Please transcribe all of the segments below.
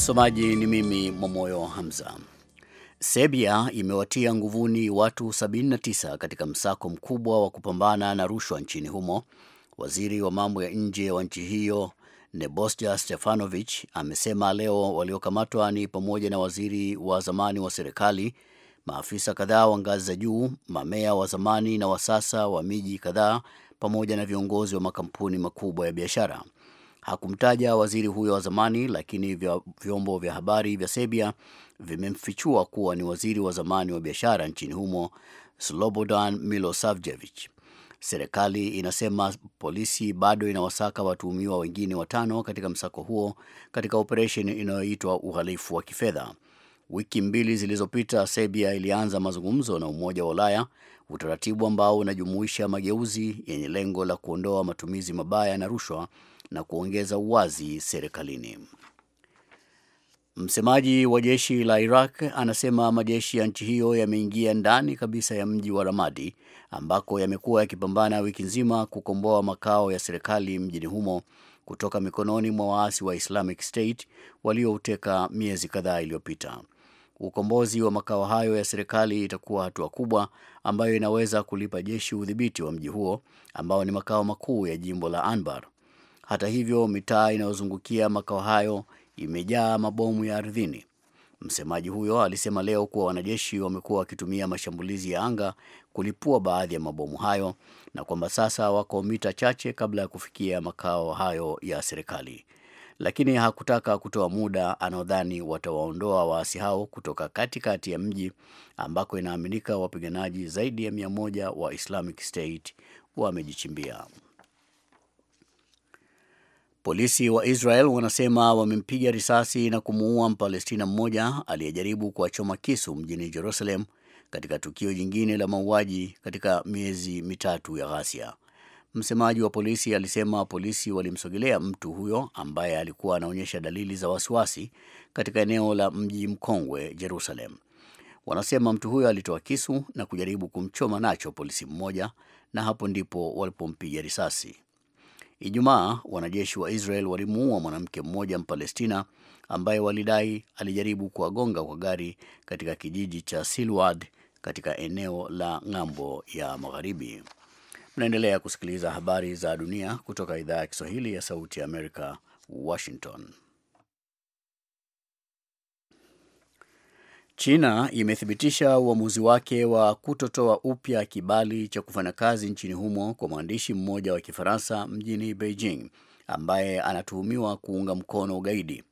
Msomaji ni mimi Mwamoyo Hamza. Serbia imewatia nguvuni watu 79 katika msako mkubwa wa kupambana na rushwa nchini humo. Waziri wa mambo ya nje wa nchi hiyo Nebosja Stefanovic amesema leo waliokamatwa ni pamoja na waziri wa zamani wa serikali, maafisa kadhaa wa ngazi za juu, mamea wa zamani na wa sasa wa miji kadhaa, pamoja na viongozi wa makampuni makubwa ya biashara. Hakumtaja waziri huyo wa zamani, lakini vya vyombo vya habari vya Serbia vimemfichua kuwa ni waziri wa zamani wa biashara nchini humo Slobodan Milosavljevic. Serikali inasema polisi bado inawasaka watuhumiwa wengine watano katika msako huo katika operesheni inayoitwa uhalifu wa kifedha. Wiki mbili zilizopita, Serbia ilianza mazungumzo na Umoja wa Ulaya, utaratibu ambao unajumuisha mageuzi yenye lengo la kuondoa matumizi mabaya na rushwa na kuongeza uwazi serikalini. Msemaji wa jeshi la Iraq anasema majeshi ya nchi hiyo yameingia ndani kabisa ya mji wa Ramadi ambako yamekuwa yakipambana wiki nzima kukomboa makao ya serikali mjini humo kutoka mikononi mwa waasi wa Islamic State waliouteka miezi kadhaa iliyopita. Ukombozi wa makao hayo ya serikali itakuwa hatua kubwa ambayo inaweza kulipa jeshi udhibiti wa mji huo ambao ni makao makuu ya jimbo la Anbar. Hata hivyo, mitaa inayozungukia makao hayo imejaa mabomu ya ardhini. Msemaji huyo alisema leo kuwa wanajeshi wamekuwa wakitumia mashambulizi ya anga kulipua baadhi ya mabomu hayo na kwamba sasa wako mita chache kabla ya kufikia makao hayo ya serikali, lakini hakutaka kutoa muda anaodhani watawaondoa waasi hao kutoka katikati ya mji ambako inaaminika wapiganaji zaidi ya mia moja wa Islamic State wamejichimbia. Polisi wa Israel wanasema wamempiga risasi na kumuua Mpalestina mmoja aliyejaribu kuwachoma kisu mjini Jerusalem katika tukio jingine la mauaji katika miezi mitatu ya ghasia. Msemaji wa polisi alisema polisi walimsogelea mtu huyo ambaye alikuwa anaonyesha dalili za wasiwasi katika eneo la mji mkongwe Jerusalem. Wanasema mtu huyo alitoa kisu na kujaribu kumchoma nacho polisi mmoja, na hapo ndipo walipompiga risasi. Ijumaa wanajeshi wa Israel walimuua mwanamke mmoja Mpalestina ambaye walidai alijaribu kuwagonga kwa gari katika kijiji cha Silwad katika eneo la ng'ambo ya magharibi. Mnaendelea kusikiliza habari za dunia kutoka idhaa ya Kiswahili ya Sauti ya Amerika, Washington. China imethibitisha uamuzi wake wa kutotoa upya kibali cha kufanya kazi nchini humo kwa mwandishi mmoja wa Kifaransa mjini Beijing ambaye anatuhumiwa kuunga mkono ugaidi.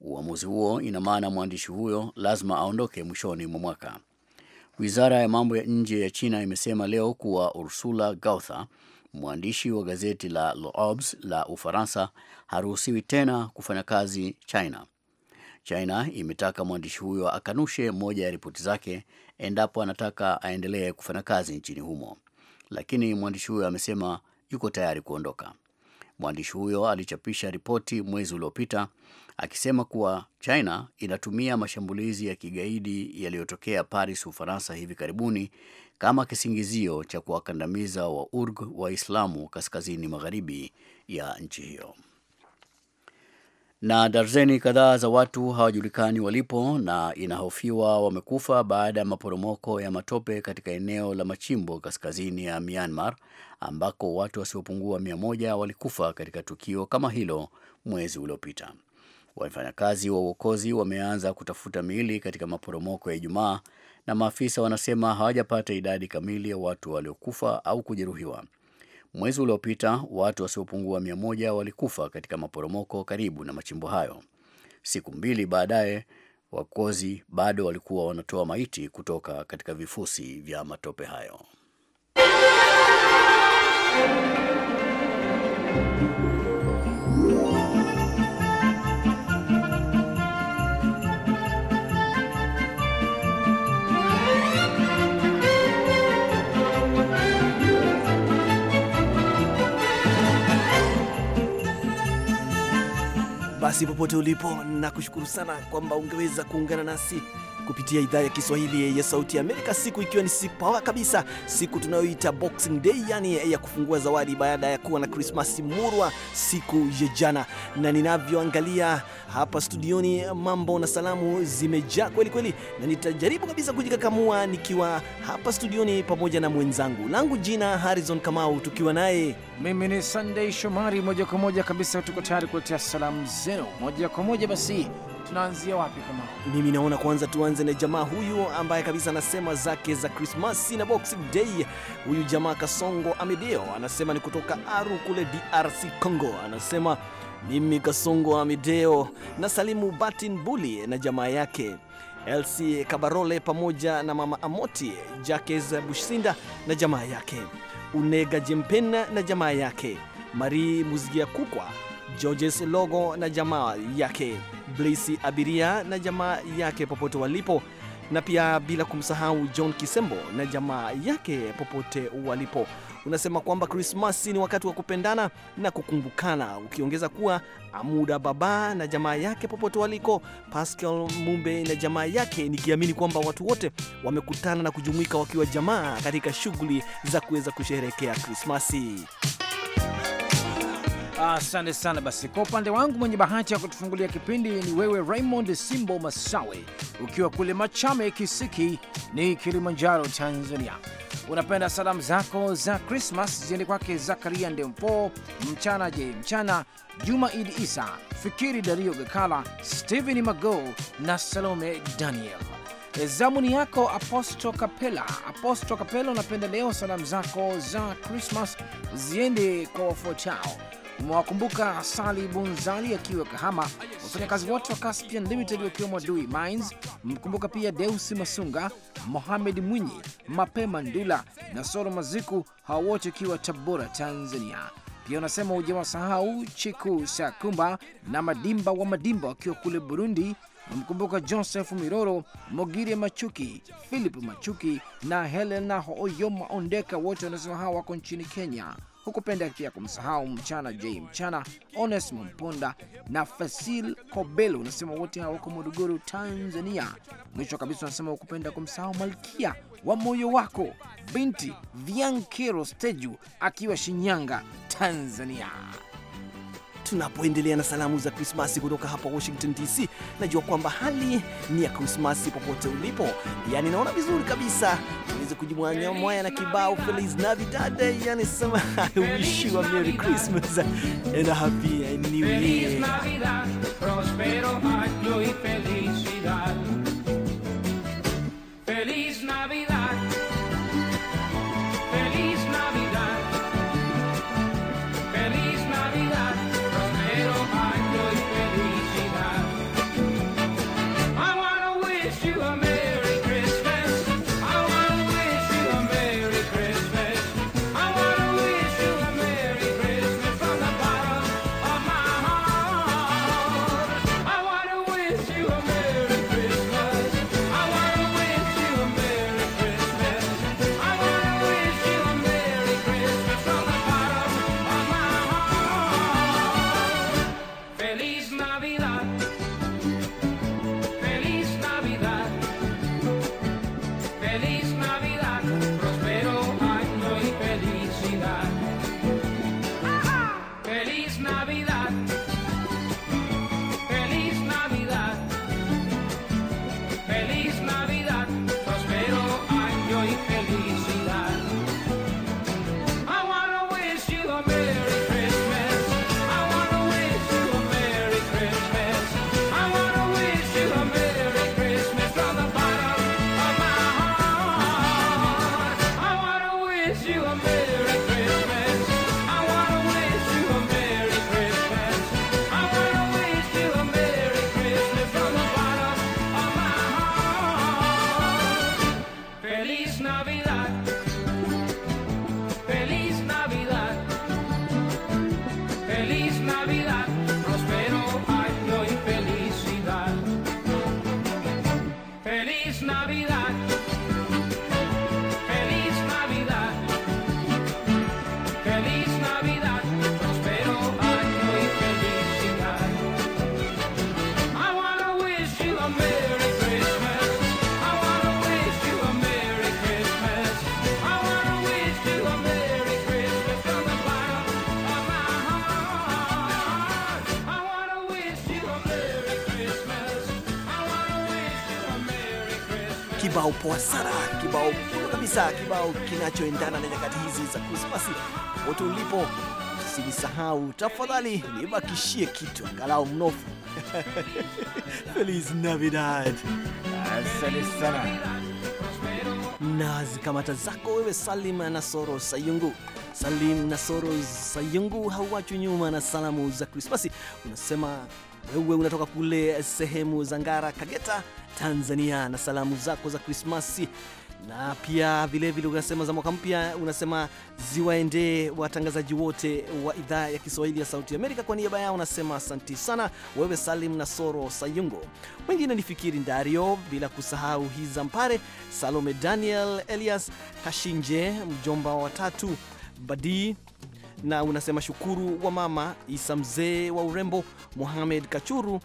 Uamuzi huo ina maana mwandishi huyo lazima aondoke mwishoni mwa mwaka. Wizara ya mambo ya nje ya China imesema leo kuwa Ursula gauthe mwandishi wa gazeti la L'Obs la Ufaransa, haruhusiwi tena kufanya kazi China. China imetaka mwandishi huyo akanushe moja ya ripoti zake endapo anataka aendelee kufanya kazi nchini humo, lakini mwandishi huyo amesema yuko tayari kuondoka. Mwandishi huyo alichapisha ripoti mwezi uliopita akisema kuwa China inatumia mashambulizi ya kigaidi yaliyotokea Paris, Ufaransa hivi karibuni kama kisingizio cha kuwakandamiza wa wa Waislamu kaskazini magharibi ya nchi hiyo na darzeni kadhaa za watu hawajulikani walipo na inahofiwa wamekufa baada ya maporomoko ya matope katika eneo la machimbo kaskazini ya Myanmar ambako watu wasiopungua mia moja walikufa katika tukio kama hilo mwezi uliopita. Wafanyakazi wa uokozi wameanza kutafuta miili katika maporomoko ya Ijumaa na maafisa wanasema hawajapata idadi kamili ya watu waliokufa au kujeruhiwa. Mwezi uliopita watu wasiopungua mia moja walikufa katika maporomoko karibu na machimbo hayo. Siku mbili baadaye, wakozi bado walikuwa wanatoa maiti kutoka katika vifusi vya matope hayo. Basi popote ulipo, nakushukuru sana kwamba ungeweza kuungana nasi kupitia idhaa ya Kiswahili ya Sauti ya Amerika, siku ikiwa ni siku pawa kabisa, siku tunayoita Boxing Day, yani ya kufungua zawadi baada ya kuwa na Krismasi murwa siku ya jana. Na ninavyoangalia hapa studioni, mambo na salamu zimejaa kweli kweli, na nitajaribu kabisa kujikakamua nikiwa hapa studioni pamoja na mwenzangu langu jina Harrison Kamau, tukiwa naye mimi ni Sunday Shomari, moja kwa moja kabisa, tuko tayari kuletea salamu zenu moja kwa moja. Basi tunaanzia wapi kama? Mimi naona kwanza tuanze na jamaa huyu ambaye kabisa anasema zake za Krismasi na Boxing Day. Huyu jamaa Kasongo Amedeo anasema ni kutoka Aru kule DRC Congo, anasema mimi Kasongo Amedeo na salimu Batin Buli na jamaa yake LC Kabarole pamoja na mama Amoti Jakes Bushinda na jamaa yake, Unega Jempena na jamaa yake, Marie Muzigia Kukwa, Georges Logo na jamaa yake Blaisi abiria na jamaa yake popote walipo, na pia bila kumsahau John Kisembo na jamaa yake popote walipo. Unasema kwamba Krismasi ni wakati wa kupendana na kukumbukana, ukiongeza kuwa Amuda Baba na jamaa yake popote waliko, Pascal Mumbe na jamaa yake, nikiamini kwamba watu wote wamekutana na kujumuika wakiwa jamaa katika shughuli za kuweza kusherehekea Krismasi. Asante sana. Basi kwa upande wangu, mwenye bahati ya kutufungulia kipindi ni wewe Raymond Simbo Masawe, ukiwa kule Machame Kisiki ni Kilimanjaro, Tanzania. Unapenda salamu zako za Krismas ziende kwake Zakaria Ndempo, Mchana Je Mchana, Juma Idi Isa, Fikiri Dario Gakala, Stephen Mago na Salome Daniel. Zamuni yako Aposto Kapela. Aposto Kapela, unapenda leo salamu zako za Krismas ziende kwa wafuatao Mwakumbuka Sali Bunzali akiwa Kahama, wafanyakazi wote wa Caspian Limited wakiwemo Dui Mines. Mkumbuka pia Deusi Masunga, Mohamed Mwinyi, Mapema Ndula na Soro Maziku, hawa wote wakiwa Tabora, Tanzania. Pia unasema sahau Chiku Sakumba na Madimba wa Madimba wakiwa kule Burundi. Mkumbuka Joseph Miroro, Mogire Machuki, Philip Machuki na Helena Hoyoma Ondeka, wote wanasema hawa wako nchini Kenya hukupenda pia kumsahau Mchana J Mchana, Ones Momponda na Fasil Kobelo. Unasema wote hawa wako Morogoro, Tanzania. Mwisho kabisa unasema hukupenda kumsahau Malkia wa moyo wako binti Viankero Steju akiwa Shinyanga, Tanzania tunapoendelea na salamu za Krismasi kutoka hapa Washington DC. Najua kwamba hali ni ya Krismasi popote ulipo, yani naona vizuri kabisa tuweze kujimwanya mwaya na kibao Feliz Navidad, yani sema I wish you a Merry Christmas and a Happy New Year. these kabisa kibao kinachoendana na nyakati hizi za Krismasi. Wote ulipo, usinisahau tafadhali, nibakishie kitu angalau mnofu. Feliz Navidad. Asante sana na zikamata zako wewe Salim Nasoro Sayungu. Salim Nasoro Sayungu hauachwi nyuma na salamu za Krismasi, unasema wewe unatoka kule sehemu za Ngara, kageta Tanzania, na salamu zako za Krismasi na pia vilevile unasema za mwaka mpya, unasema ziwaendee watangazaji wote wa idhaa ya Kiswahili ya Sauti Amerika. Kwa niaba yao unasema asanti sana wewe Salim na Soro Sayungo, wengine ni Fikiri Ndario, bila kusahau mpare Salome, Daniel Elias Kashinje, mjomba wa tatu Badii na unasema shukuru wa mama Isa mzee wa urembo, Mohamed Kachuru,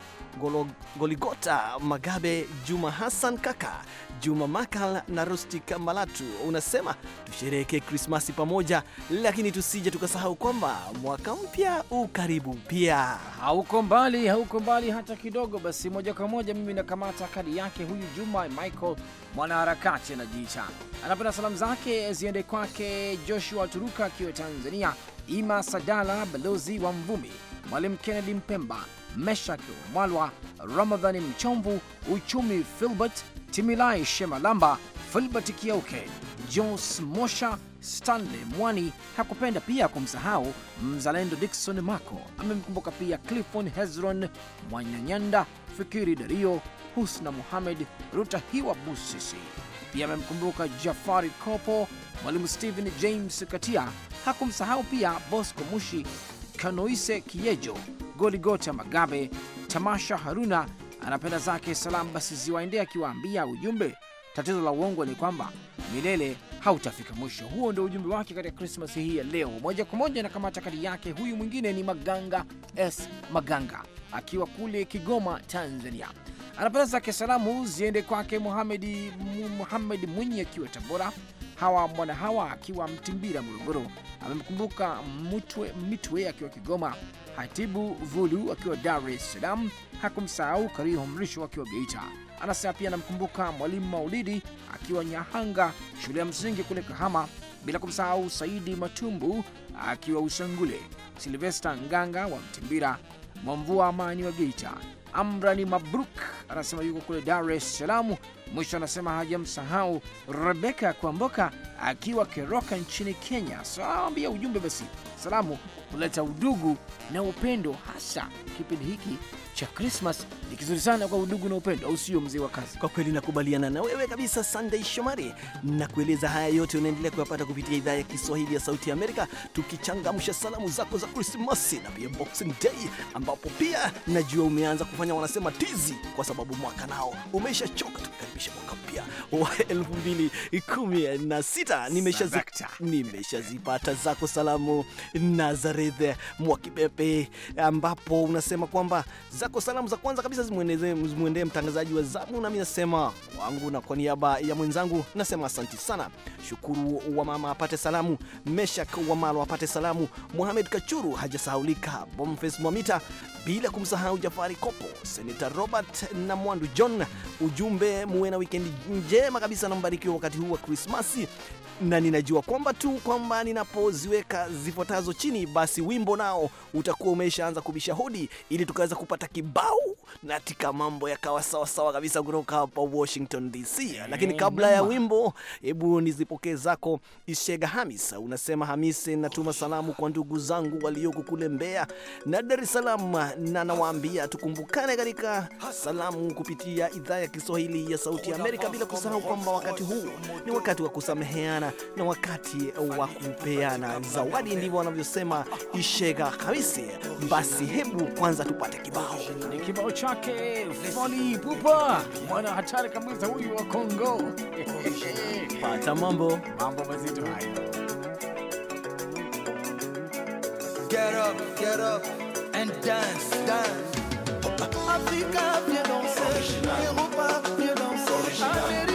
Goligota Magabe, Juma Hassan kaka Juma Makal na Rustika Malatu unasema tusherehekee Krismasi pamoja, lakini tusije tukasahau kwamba mwaka mpya ukaribu pia. Hauko mbali, hauko mbali hata kidogo. Basi moja kwa moja mimi nakamata kadi yake huyu Juma Michael, mwanaharakati anajiita, anapenda salamu zake ziende kwake Joshua Turuka akiwa Tanzania, Ima Sadala balozi wa Mvumi, Mwalimu Kennedy Mpemba, Meshak Mwalwa, Ramadhani Mchomvu, Uchumi Filbert Timilai Shemalamba, Filbert Kiauke, Jones Mosha, Stanley Mwani. Hakupenda pia kumsahau mzalendo dikson Mako. Amemkumbuka pia Clifon Hezron Mwanyanyanda, Fikiri Dario, Husna Muhamed, hiwa Busisi. Pia amemkumbuka Jafari Kopo, Mwalimu Stephen James Katia. Hakumsahau pia Bosco Mushi, Kanoise Kiejo, Goligota Magabe, Tamasha Haruna anapenda zake salamu basi ziwaendee, akiwaambia ujumbe, tatizo la uongo ni kwamba milele hautafika mwisho. Huo ndio ujumbe wake katika krismas hii ya leo. Moja kwa moja na kamata kadi yake, huyu mwingine ni Maganga S Maganga akiwa kule Kigoma, Tanzania. Anapenda zake salamu ziende kwake Muhamedi Muhamed Mwinyi akiwa Tabora, Hawa Mwana Hawa akiwa Mtimbira, Morogoro. Amemkumbuka Mitwe akiwa Kigoma, Hatibu Vulu akiwa Dar es Salaam hakumsahau Karimu Mrisho akiwa Geita. Anasema pia anamkumbuka Mwalimu Maulidi akiwa Nyahanga shule ya msingi kule Kahama, bila kumsahau Saidi Matumbu akiwa Usangule, Silvesta Nganga wa Mtimbira, Mwamvua Amani wa Geita, Amrani Mabruk anasema yuko kule Dar es Salaam. Mwisho anasema hajamsahau Rebeka Kwamboka akiwa Keroka nchini Kenya. So ambia ujumbe basi, salamu kuleta udugu na upendo, hasa kipindi hiki cha Krismas ni kizuri sana kwa udugu na upendo, au sio, mzee wa kazi? Kwa kweli nakubaliana na wewe kabisa, Sunday Shomari, na kueleza haya yote unaendelea kuyapata kupitia idhaa ya Kiswahili ya Sauti ya Amerika, tukichangamsha salamu zako za Krismasi na pia Boxing Day, ambapo pia najua umeanza kufanya wanasema tizi, kwa sababu mwaka nao umeshachoka, tukaribisha mwaka mpya wa elfu mbili kumi na sita. Nimeshazipata zako salamu, Nazareth Mwakibepe, ambapo unasema kwamba za zako salamu za kwanza kabisa zimwendee mtangazaji wa zamu, nami nasema wangu, na kwa niaba ya mwenzangu nasema asanti sana. Shukuru wa mama apate salamu, Meshak wa Malo apate salamu, Mohamed Kachuru hajasahaulika, Bomfes Mwamita, bila kumsahau Jafari Kopo, Seneta Robert na Mwandu John. Ujumbe, muwe na wikendi njema kabisa na mbarikiwa wakati huu wa Krismasi na ninajua kwamba tu kwamba ninapoziweka zifuatazo chini, basi wimbo nao utakuwa umeshaanza kubisha hodi, ili tukaweza kupata kibao na tika mambo yakawa sawasawa kabisa kutoka hapa Washington DC. Eh, Lakini kabla ya wimbo, hebu nizipokee zako Ishega Hamis. Unasema Hamisi, natuma salamu kwa ndugu zangu walioko kule Mbeya na Dar es Salaam, na nawaambia tukumbukane katika salamu kupitia idhaa ya Kiswahili ya Sauti ya Amerika, bila kusahau kwamba wakati huu ni wakati wa kusameheana na wakati wa kupeana zawadi, ndivyo wanavyosema Ishega Hamisi. Basi hebu kwanza tupate kibao ni kibao chake Foli Pupa, mwana hatari kabisa huyu wa Kongo. Pata mambo mambo mazito hayo. Get up, get up and dance, dance. Africa, viens danser. Europa, viens danser.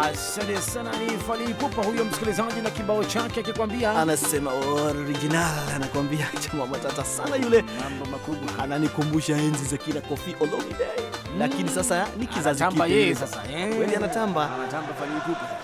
Asante sana, ni Fali Ipupa huyo msikilizaji na kibao chake akikwambia, anasema original, anakwambia chama matata sana yule, mambo makubwa, ananikumbusha enzi za kina Kofi Olomide, mm. lakini sasa ni kizazi kipya, sasa eh. kweli anatamba, anatamba Fali Ipupa.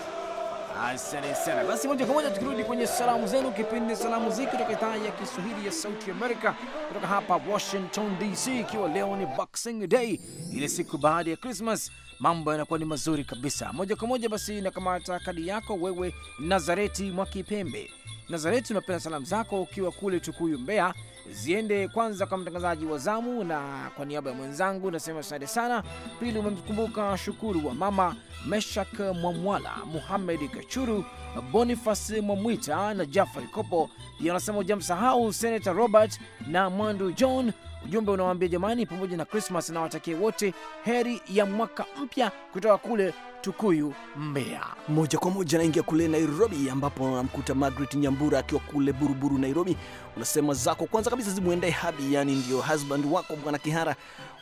Asante sana. Basi moja kwa moja tukirudi kwenye salamu zenu, kipindi salamu ziki kutoka idhaa ya Kiswahili ya Sauti Amerika, kutoka hapa Washington DC, ikiwa leo ni Boxing Day, ile siku baada ya Christmas, mambo yanakuwa ni mazuri kabisa. Moja kwa moja basi nakamata kadi yako wewe, Nazareti Mwakipembe Nazareti, unapenda salamu zako ukiwa kule Tukuyu, Mbeya, ziende kwanza kwa mtangazaji wa zamu, na kwa niaba ya mwenzangu nasema asante sana. Pili, umemkumbuka Shukuru wa mama Meshak Mwamwala, Muhamed Kachuru, Bonifas Mwamwita na Jafari Kopo. Pia anasema hujamsahau Senata Robert na Mwandu John. Ujumbe unawaambia jamani, pamoja na Krismas nawatakie wote heri ya mwaka mpya kutoka kule Tukuyu, Mbeya. Moja kwa moja naingia kule Nairobi, ambapo namkuta Margaret Nyambura akiwa kule Buruburu, Nairobi. Unasema zako kwanza kabisa zimwendee Habi, yani ndio husband wako Bwana Kihara,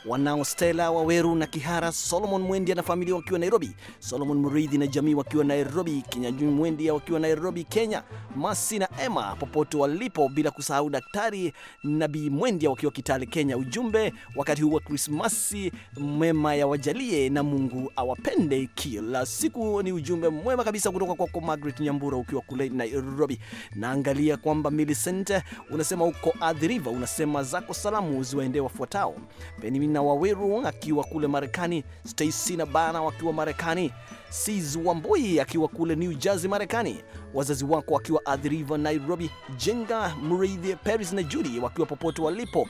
wanao Stella Waweru na Kihara Solomon Mwendia na familia wakiwa Nairobi, Solomon Mridhi na jamii wakiwa Nairobi, Kinyajui Mwendia wakiwa Nairobi, Kenya, Masi na Emma popote walipo, bila kusahau Daktari Nabii Mwendia wakiwa Kitale, Kenya. Ujumbe wakati huu wa Krismasi, mema ya wajalie na Mungu awapende kila siku. Ni ujumbe mwema kabisa kutoka kwako Margaret Nyambura ukiwa kule Nairobi. Naangalia kwamba Millicent unasema uko Athi River, unasema zako salamu ziwaendee wafuatao: Benimina Waweru akiwa kule Marekani, Stacy na Bana wakiwa Marekani, Sis Wambui akiwa kule New Jersey Marekani, wazazi wako wakiwa Athi River Nairobi, Jenga Mridhi, Paris na Judy wakiwa popote walipo,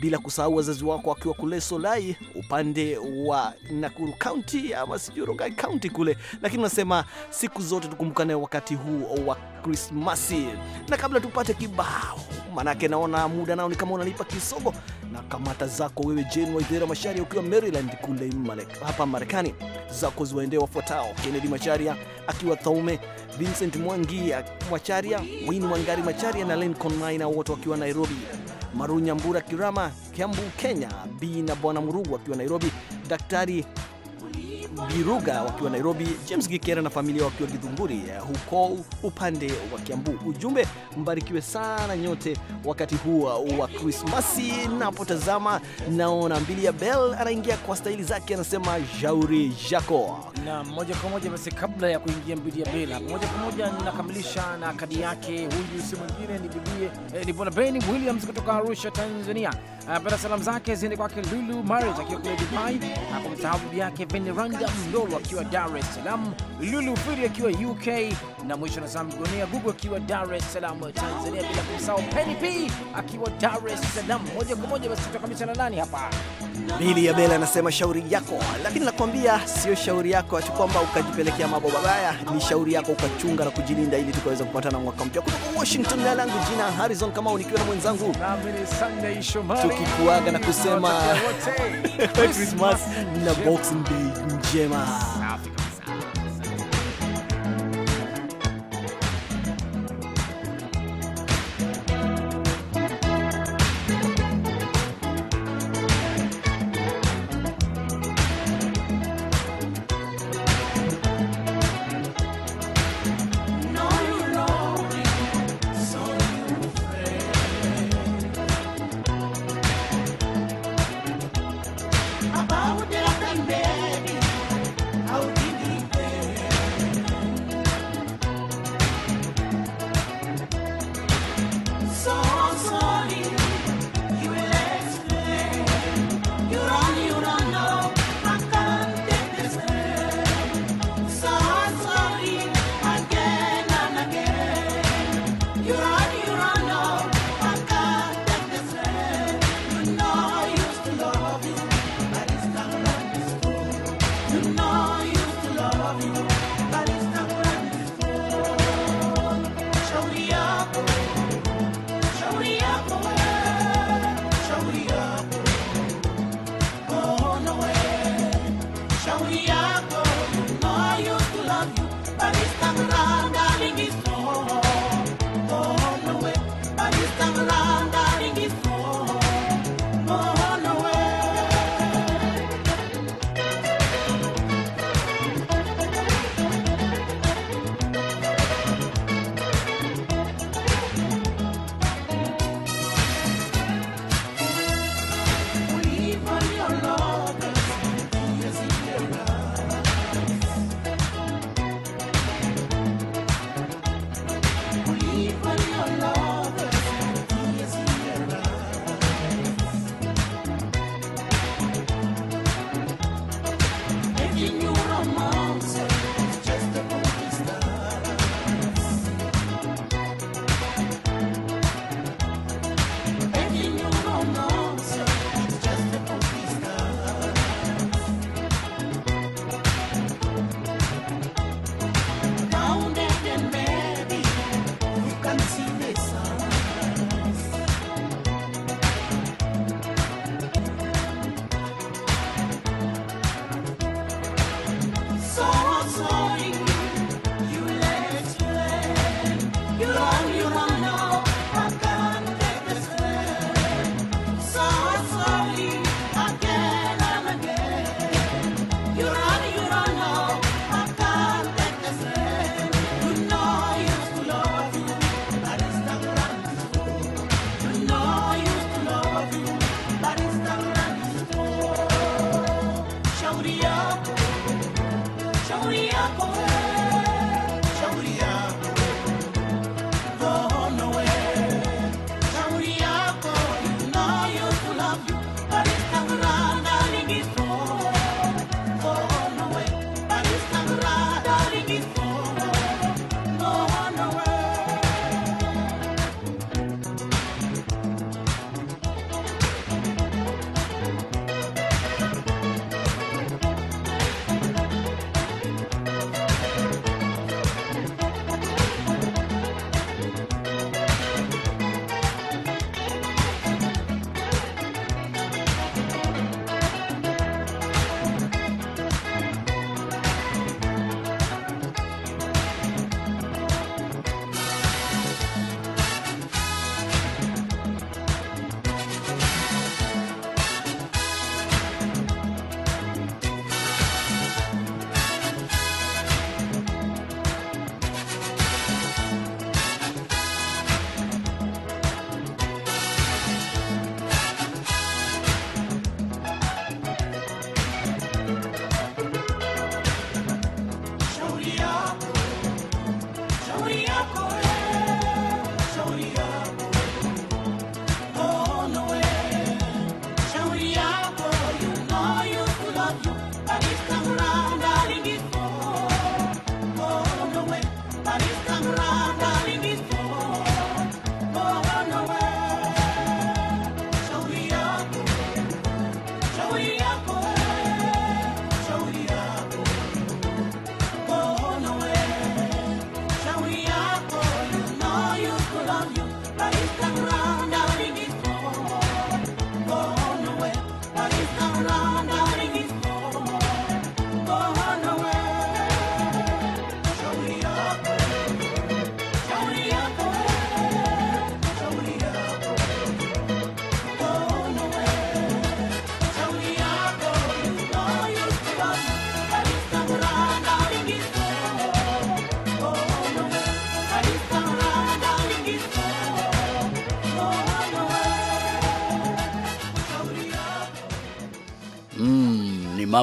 bila kusahau wazazi wako wakiwa kule Solai upande wa Nakuru County ama sijui Rongai County kule, lakini unasema siku zote tukumbukane wakati huu wa Krismasi. Na kabla tupate kibao, manake naona muda nao ni kama unalipa kisogo, na kamata zako wewe Jane Waithera Masharia ukiwa Maryland kule hapa Marekani, zako ziwaendee wafuatao: Kennedy Macharia akiwa Thaume, Vincent Mwangi Macharia, Win Wangari Macharia na Lincoln Maina, wote wakiwa Nairobi. Maru Nyambura Kirama, Kiambu, Kenya, Bi na Bwana Murugu akiwa Nairobi, Daktari Biruga wakiwa Nairobi, James Gikera na familia wakiwa Githunguri eh, huko upande wa Kiambu. Ujumbe, mbarikiwe sana nyote wakati huu eh, wa Krismasi. Napotazama naona Mbilia Bel anaingia kwa staili zake, anasema jauri yako. Na moja kwa moja basi, kabla ya kuingia Mbilia Bel, moja kwa moja ninakamilisha na kadi yake. Huyu si mwingine ni bibie, eh, ni Bwana Ben Williams kutoka Arusha, Tanzania. Anapenda salamu zake ziende kwake Lulu Marriage akiwa kule Dubai, hakumsahau bibi yake Veneranda Maria Mlolo akiwa Dar es Salaam, Lulu Firi akiwa UK na mwisho nasama Gonia Gugu akiwa Dar es Salaam Tanzania, bila kusahau Penny P akiwa Dar es Salaam. Moja kwa moja basi tutakamisha na nani hapa. Bili ya Bela anasema shauri yako, lakini nakwambia sio shauri yako ati kwamba ukajipelekea mambo mabaya. ni shauri yako ukachunga na kujilinda, ili tukaweza kupata na mwaka mpya. Kutoka Washington, na langu jina Harrison Kamau, nikiwa na mwenzangu tukikuaga na kusema Christmas na Boxing Day 消えます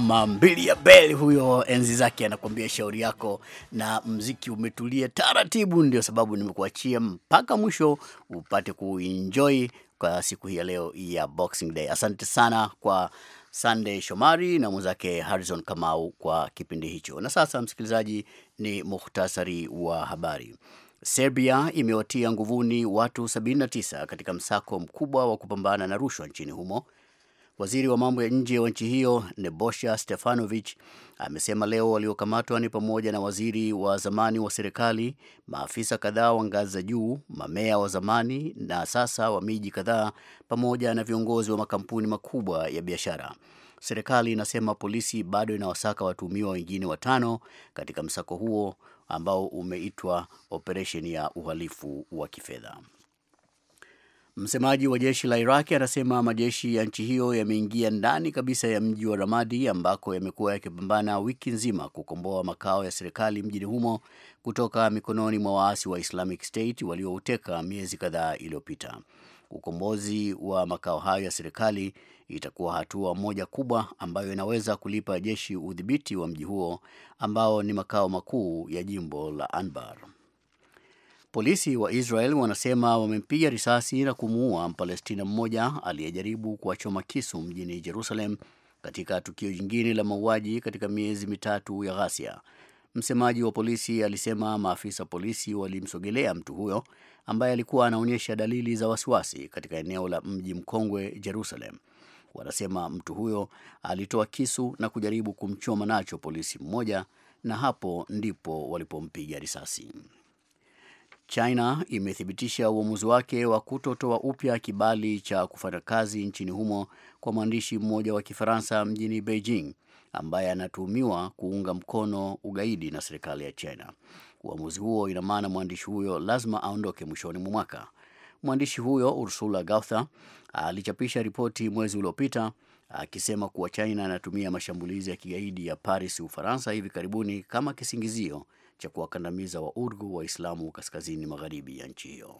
mama mbili ya beli huyo, enzi zake, anakuambia shauri yako, na mziki umetulia taratibu. Ndio sababu nimekuachia mpaka mwisho upate kuenjoy kwa siku hii ya leo ya Boxing Day. Asante sana kwa Sunday Shomari na mwenzake Harrison Kamau kwa kipindi hicho. Na sasa, msikilizaji, ni muhtasari wa habari. Serbia imewatia nguvuni watu 79 katika msako mkubwa wa kupambana na rushwa nchini humo Waziri wa mambo ya nje wa nchi hiyo Nebosha Stefanovich amesema leo waliokamatwa ni pamoja na waziri wa zamani wa serikali, maafisa kadhaa wa ngazi za juu, mamea wa zamani na sasa wa miji kadhaa, pamoja na viongozi wa makampuni makubwa ya biashara. Serikali inasema polisi bado inawasaka watuhumiwa wengine watano katika msako huo ambao umeitwa operesheni ya uhalifu wa kifedha. Msemaji wa jeshi la iraqi anasema majeshi ya nchi hiyo yameingia ndani kabisa ya mji wa Ramadi ambako yamekuwa yakipambana wiki nzima kukomboa makao ya serikali mjini humo kutoka mikononi mwa waasi wa Islamic State waliouteka miezi kadhaa iliyopita. Ukombozi wa makao hayo ya serikali itakuwa hatua moja kubwa ambayo inaweza kulipa jeshi udhibiti wa mji huo ambao ni makao makuu ya jimbo la Anbar. Polisi wa Israel wanasema wamempiga risasi na kumuua Mpalestina mmoja aliyejaribu kuwachoma kisu mjini Jerusalem katika tukio jingine la mauaji katika miezi mitatu ya ghasia. Msemaji wa polisi alisema maafisa polisi walimsogelea mtu huyo ambaye alikuwa anaonyesha dalili za wasiwasi katika eneo la mji mkongwe Jerusalem. Wanasema mtu huyo alitoa kisu na kujaribu kumchoma nacho polisi mmoja, na hapo ndipo walipompiga risasi. China imethibitisha uamuzi wake wa kutotoa upya kibali cha kufanya kazi nchini humo kwa mwandishi mmoja wa Kifaransa mjini Beijing ambaye anatuhumiwa kuunga mkono ugaidi na serikali ya China. Uamuzi huo ina maana mwandishi huyo lazima aondoke mwishoni mwa mwaka. Mwandishi huyo Ursula Gauthe alichapisha ripoti mwezi uliopita akisema kuwa China anatumia mashambulizi ya kigaidi ya Paris, Ufaransa hivi karibuni kama kisingizio cha kuwakandamiza Waurgu Waislamu kaskazini magharibi ya nchi hiyo.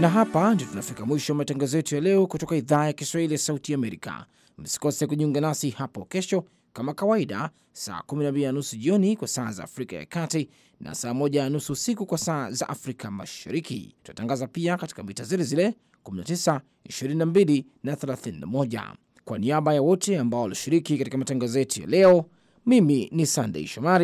Na hapa ndio tunafika mwisho wa matangazo yetu ya leo kutoka idhaa ya Kiswahili ya Sauti Amerika. Msikose kujiunga nasi hapo kesho kama kawaida, saa 12 na nusu jioni kwa saa za Afrika ya Kati na saa 1 na nusu usiku kwa saa za Afrika Mashariki. tunatangaza pia katika mita zile zile 19, 22 na 31. Kwa niaba ya wote ambao walishiriki katika matangazo yetu ya leo mimi ni Sandei Shomari.